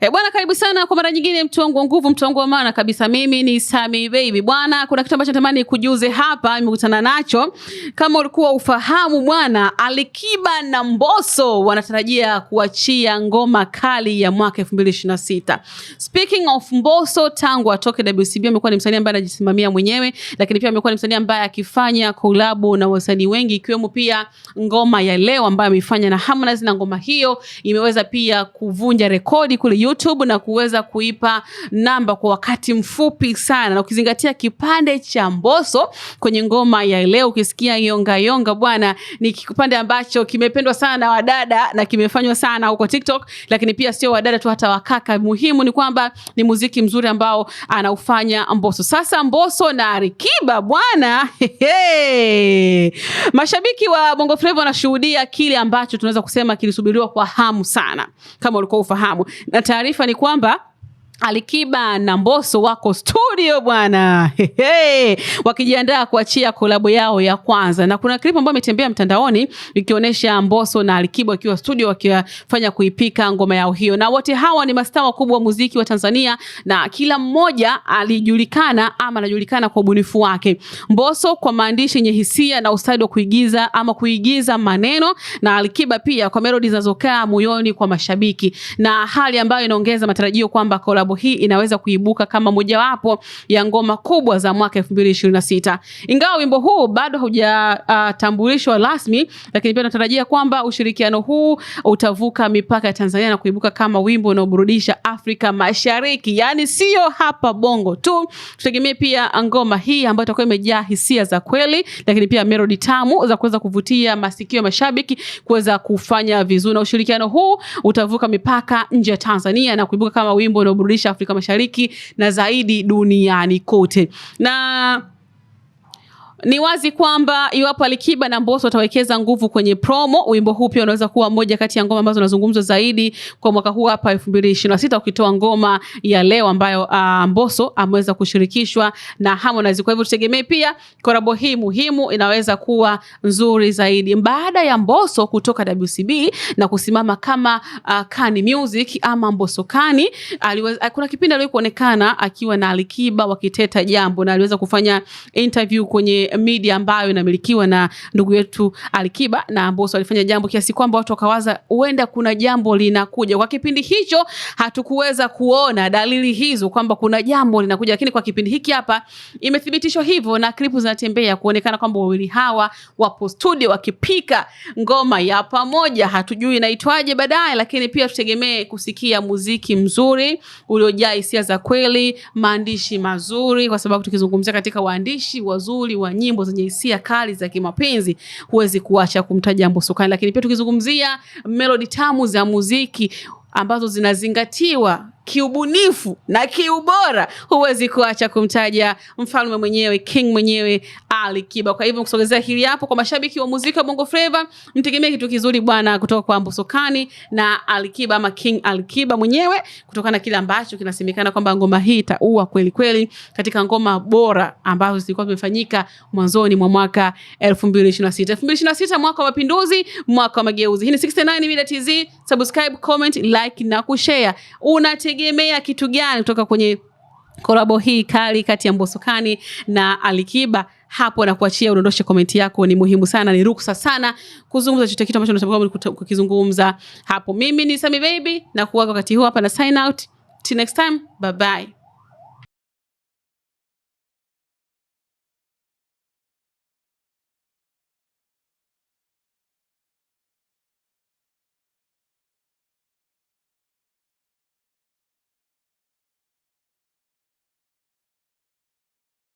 E, bwana karibu sana kwa mara nyingine, mtu wangu wa nguvu, mtu wangu wa maana kabisa. Mimi ni Sami Baby. Bwana, kuna kitu ambacho natamani kujuze hapa, nimekutana nacho. Kama ulikuwa ufahamu bwana, Alikiba na Mbosso wanatarajia kuachia ngoma kali ya mwaka 2026. Speaking of Mbosso, tangu atoke WCB amekuwa ni msanii ambaye anajisimamia mwenyewe, lakini pia amekuwa ni msanii ambaye akifanya kolabo na wasanii wengi ikiwemo pia ngoma ya leo ambayo ameifanya na Harmonize na ngoma hiyo imeweza pia kuvunja rekodi kule YouTube na kuweza kuipa namba kwa wakati mfupi sana, na ukizingatia kipande cha Mbosso kwenye ngoma ya leo, ukisikia yonga yonga bwana, ni kipande ambacho kimependwa sana na wadada na kimefanywa sana huko TikTok, lakini pia sio wadada tu, hata wakaka. Muhimu ni kwamba ni muziki mzuri ambao anaufanya Mbosso. Sasa Mbosso na Alikiba bwana, mashabiki wa Bongo Flava wanashuhudia kile ambacho tunaweza kusema kilisubiriwa kwa hamu sana, kama ulikuwa ufahamu na taarifa ni kwamba Alikiba na mboso wako studio bwana, wakijiandaa kuachia kolabo yao ya kwanza, na kuna klipu ambayo imetembea mtandaoni ikionyesha mboso na Alikiba wakiwa studio wakifanya kuipika ngoma yao hiyo. Na wote hawa ni mastaa wakubwa wa muziki wa Tanzania na kila mmoja alijulikana ama anajulikana kwa ubunifu wake. mboso kwa maandishi yenye hisia na ustadi wa kuigiza ama kuigiza maneno, na Alikiba pia kwa melodi zinazokaa moyoni kwa mashabiki, na hali ambayo inaongeza matarajio kwamba kolabo sababu hii inaweza kuibuka kama mojawapo ya ngoma kubwa za mwaka 2026. Ingawa wimbo huu bado hujatambulishwa uh, rasmi, lakini pia tunatarajia kwamba ushirikiano huu utavuka mipaka ya Tanzania na kuibuka kama wimbo unaoburudisha Afrika Mashariki, yaani sio hapa Bongo tu. Tutegemee pia ngoma hii ambayo itakuwa imejaa hisia za kweli, lakini pia melodi tamu za kuweza kuvutia masikio ya mashabiki kuweza kufanya vizuri, na ushirikiano huu utavuka mipaka nje ya Tanzania na kuibuka kama wimbo unaoburudisha kuiwakilisha Afrika Mashariki na zaidi duniani kote na ni wazi kwamba iwapo Alikiba na Mbosso watawekeza nguvu kwenye promo, wimbo huu pia unaweza kuwa moja kati ya ngoma ambazo zinazungumzwa zaidi kwa mwaka huu hapa 2026 ukitoa ngoma ya leo ambayo uh, Mbosso ameweza kushirikishwa na Harmonize. Kwa hivyo tutegemee pia korabo hii muhimu inaweza kuwa nzuri zaidi. Baada ya Mbosso kutoka WCB na kusimama kama uh, Kani Music ama Mbosso Kani, aliweza ah, kuna kipindi aliyokuonekana akiwa na Alikiba wakiteta jambo na aliweza kufanya interview kwenye media ambayo inamilikiwa na ndugu yetu Alikiba na Mbosso walifanya jambo kiasi kwamba watu wakawaza huenda kuna jambo linakuja. Kwa kipindi hicho hatukuweza kuona dalili hizo kwamba kuna jambo linakuja, lakini kwa kipindi hiki hapa imethibitishwa hivyo, na klipu zinatembea kuonekana kwamba wawili hawa wapo studio wakipika ngoma ya pamoja, hatujui inaitwaje baadaye, lakini pia tutegemee kusikia muziki mzuri uliojaa hisia za kweli, maandishi mazuri, kwa sababu tukizungumzia katika waandishi wazuri wa nyimbo zenye hisia kali za kimapenzi, huwezi kuacha kumtaja Mbosso Khan. Lakini pia tukizungumzia melodi tamu za muziki ambazo zinazingatiwa kiubunifu na kiubora, huwezi kuacha kumtaja mfalme mwenyewe, king mwenyewe Ali Kiba. Kwa hivyo kusogezea hili hapo, kwa mashabiki wa muziki wa Bongo Flava, mtegemee kitu kizuri bwana kutoka kwa mbusukani na Ali Kiba ama King Ali Kiba mwenyewe, kutokana na kile ambacho kinasemekana kwamba ngoma hii itaua kweli kweli katika ngoma bora ambazo zilikuwa zimefanyika mwanzoni mwa mwaka 2026. 2026 mwaka wa mapinduzi, mwaka wa mageuzi. Hii ni 69 mida TZ, subscribe, comment, like na kushare. Una tunategemea kitu gani kutoka kwenye kolabo hii kali kati ya Mbosokani na Alikiba? Hapo na kuachia udondoshe komenti yako, ni muhimu sana, ni ruksa sana kuzungumza chochote kitu ambacho unataka kukizungumza hapo. Mimi ni Sami Baby na kuaga wakati huu hapa na sign out. Till next time, bye bye.